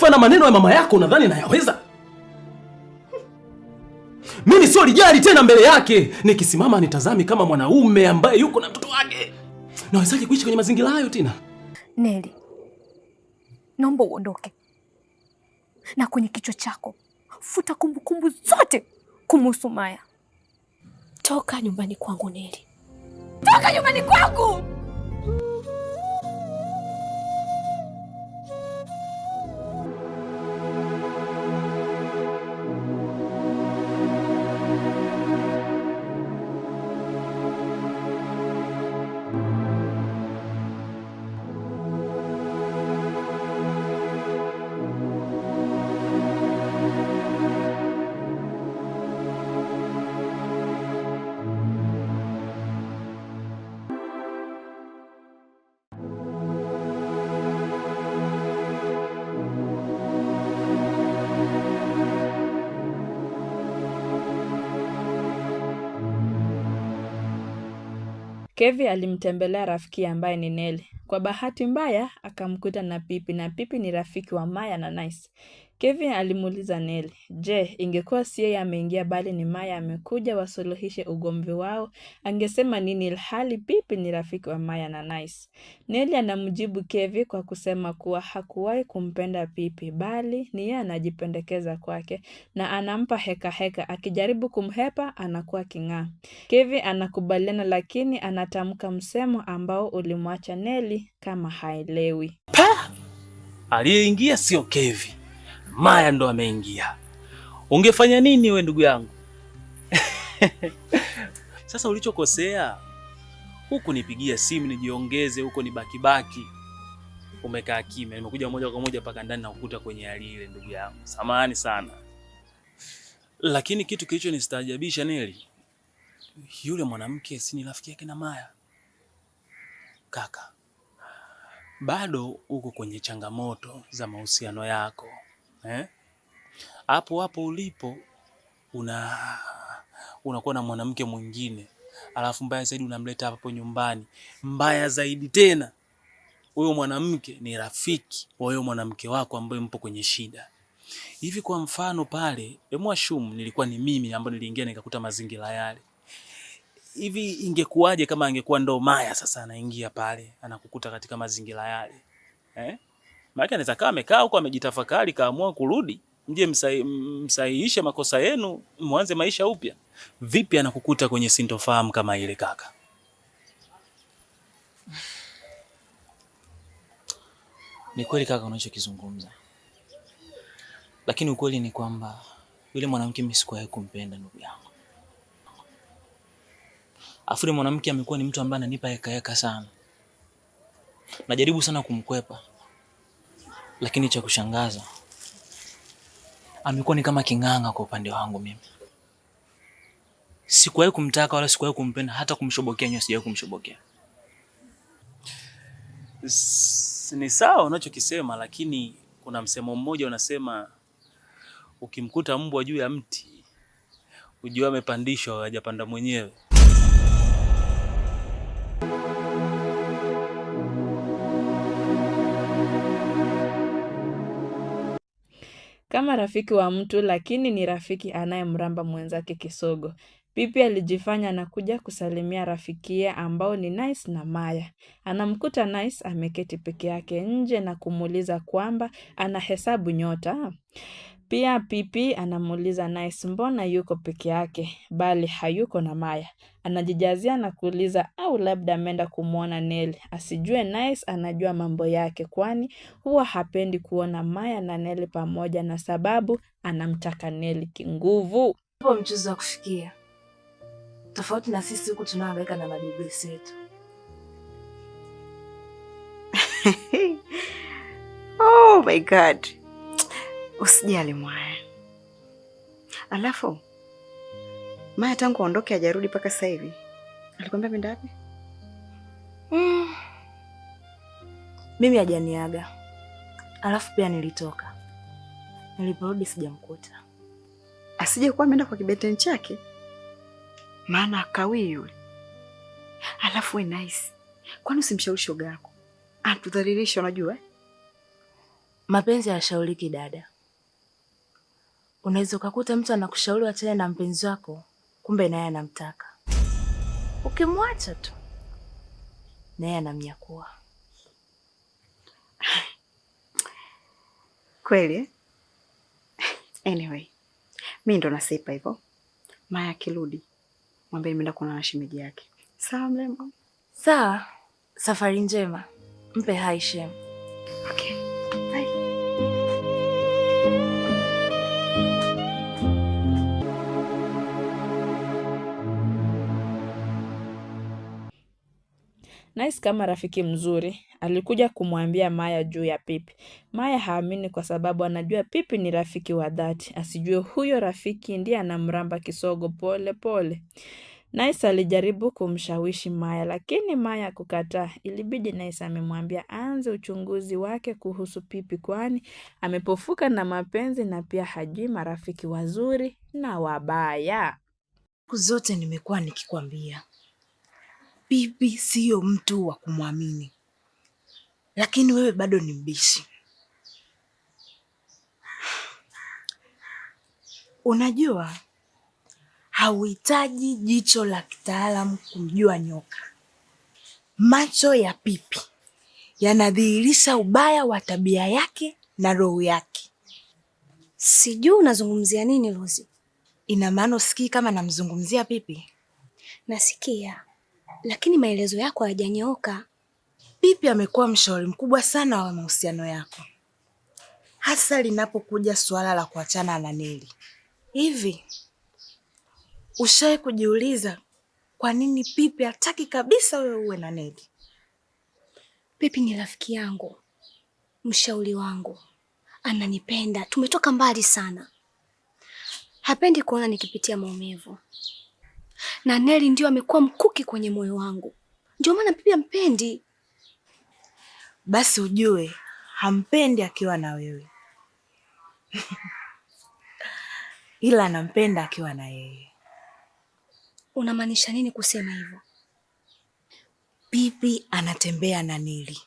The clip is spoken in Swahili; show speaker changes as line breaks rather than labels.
sifa na maneno ya mama yako nadhani nayaweza mimi? Sio lijali tena mbele yake, nikisimama nitazami kama mwanaume ambaye yuko na mtoto wake. Nawezaje kuishi kwenye mazingira hayo tena?
Neli, naomba uondoke na kwenye kichwa chako futa kumbukumbu kumbu zote kumuhusu Maya. Toka nyumbani kwangu Neli, toka nyumbani kwangu.
Kevi alimtembelea rafiki ambaye ni Neli. Kwa bahati mbaya akamkuta na Pipi na Pipi ni rafiki wa Maya na Nice. Kevin alimuuliza Nelly, je, ingekuwa si yeye ameingia bali ni Maya amekuja wasuluhishe ugomvi wao, angesema nini ilhali Pipi ni rafiki wa Maya na Nice? Nelly anamjibu Kevin kwa kusema kuwa hakuwahi kumpenda Pipi bali ni yeye anajipendekeza kwake na anampa heka heka, akijaribu kumhepa anakuwa king'aa. Kevin anakubaliana lakini anatamka msemo ambao ulimwacha Nelly kama haelewi.
Pa! Aliyeingia sio Kevin. Maya ndo ameingia. Ungefanya nini we ndugu yangu? Sasa ulichokosea huku nipigia simu nijiongeze huko ni bakibaki, umekaa kimya. Nimekuja moja kwa moja mpaka ndani na kukuta kwenye hali ile, ndugu yangu, samahani sana. Lakini kitu kilicho nistaajabisha Neli, yule mwanamke si ni rafiki yake na Maya kaka, bado uko kwenye changamoto za mahusiano yako Eh? hapo eh, hapo ulipo una unakuwa na mwanamke mwingine, alafu mbaya zaidi unamleta hapo nyumbani. Mbaya zaidi tena, huyo mwanamke ni rafiki wa huyo mwanamke wako ambaye mpo kwenye shida hivi. Kwa mfano pale, hebu ashumu nilikuwa ni mimi ambaye niliingia nikakuta mazingira yale hivi ingekuwaje kama angekuwa ndo Maya sasa anaingia pale anakukuta katika mazingira yale eh? maana anaweza kaa amekaa huko amejitafakari, kaamua kurudi, mje msahihishe makosa yenu, mwanze maisha upya. Vipi anakukuta kwenye sintofahamu kama ile kaka?
Ni kweli kaka unachokizungumza, lakini ukweli ni kwamba yule mwanamke mimi sikuwahi kumpenda ndugu yangu. Afu yule mwanamke amekuwa ni mtu ambaye ananipa yakayaka sana, najaribu sana kumkwepa lakini cha kushangaza amekuwa ni kama king'anga kwa upande wangu mimi. Sikuwahi kumtaka wala sikuwahi kumpenda hata kumshobokea nyo, sijawahi kumshobokea.
Ni sawa unachokisema, lakini kuna msemo mmoja unasema, ukimkuta mbwa juu ya mti ujue amepandishwa, hajapanda mwenyewe.
kama rafiki wa mtu lakini ni rafiki anayemramba mwenzake kisogo. Pipi alijifanya anakuja kusalimia rafikia ambao ni Nice na Maya. Anamkuta Nice ameketi peke yake nje na kumuuliza kwamba anahesabu nyota. Pia Pipi anamuuliza Nice mbona yuko peke yake bali hayuko na Maya. Anajijazia na kuuliza au labda ameenda kumwona Nell. Asijue Nice anajua mambo yake kwani huwa hapendi kuona Maya na Nell pamoja na sababu anamtaka Nell kinguvu.
Hapo mchezo wa kufikia. Tofauti na sisi huku tunahangaika na madibesi yetu.
Oh my God. Usijali mwaya. Alafu Maya tangu aondoke hajarudi mpaka sasa hivi. Alikwambia ameenda wapi? Mm.
Mimi hajaniaga. Alafu pia nilitoka, niliporudi sijamkuta.
Asije kuwa ameenda kwa kibeteni chake, maana akawi yule. Alafu we nice, kwani usimshauri shoga yako? Atudhalilisha, unajua eh?
Mapenzi hayashauriki dada. Unaweza ukakuta mtu anakushauri wachane na mpenzi wako, kumbe naye anamtaka. Ukimwacha tu naye anamnyakua.
Kweli? Anyway, mi ndo nasipa hivyo. Maya akirudi mwambie nimeenda kuona na shemeji yake. Sawa mrembo?
Sawa, safari njema. Mpe hai shemu.
Okay.
Nice kama rafiki mzuri, alikuja kumwambia Maya juu ya Pipi. Maya haamini kwa sababu anajua Pipi ni rafiki wa dhati, asijue huyo rafiki ndiye anamramba kisogo pole pole. Nice alijaribu kumshawishi Maya lakini Maya kukataa Ilibidi Nice amemwambia aanze uchunguzi wake kuhusu Pipi kwani amepofuka na mapenzi na pia hajui marafiki wazuri na wabaya.
Siku zote nimekuwa nikikwambia bibi siyo mtu wa kumwamini, lakini wewe bado ni mbishi. Unajua, hauhitaji jicho la kitaalamu kumjua nyoka. Macho ya pipi yanadhihirisha ubaya wa tabia yake na roho yake.
Sijui unazungumzia nini Rozi.
Ina maana usikii kama namzungumzia pipi?
Nasikia lakini maelezo yako hayajanyooka.
Pipi amekuwa mshauri mkubwa sana wa mahusiano yako, hasa linapokuja suala la kuachana na Neli. Hivi ushawahi kujiuliza kwa nini Pipi hataki kabisa wewe uwe na Neli?
Pipi ni rafiki yangu, mshauri wangu, ananipenda, tumetoka mbali sana, hapendi kuona nikipitia maumivu na Neli ndio amekuwa mkuki kwenye moyo wangu, ndio maana bibi ampendi.
Basi ujue hampendi akiwa na wewe ila anampenda akiwa na yeye.
Unamaanisha nini kusema hivyo?
Bibi anatembea na Neli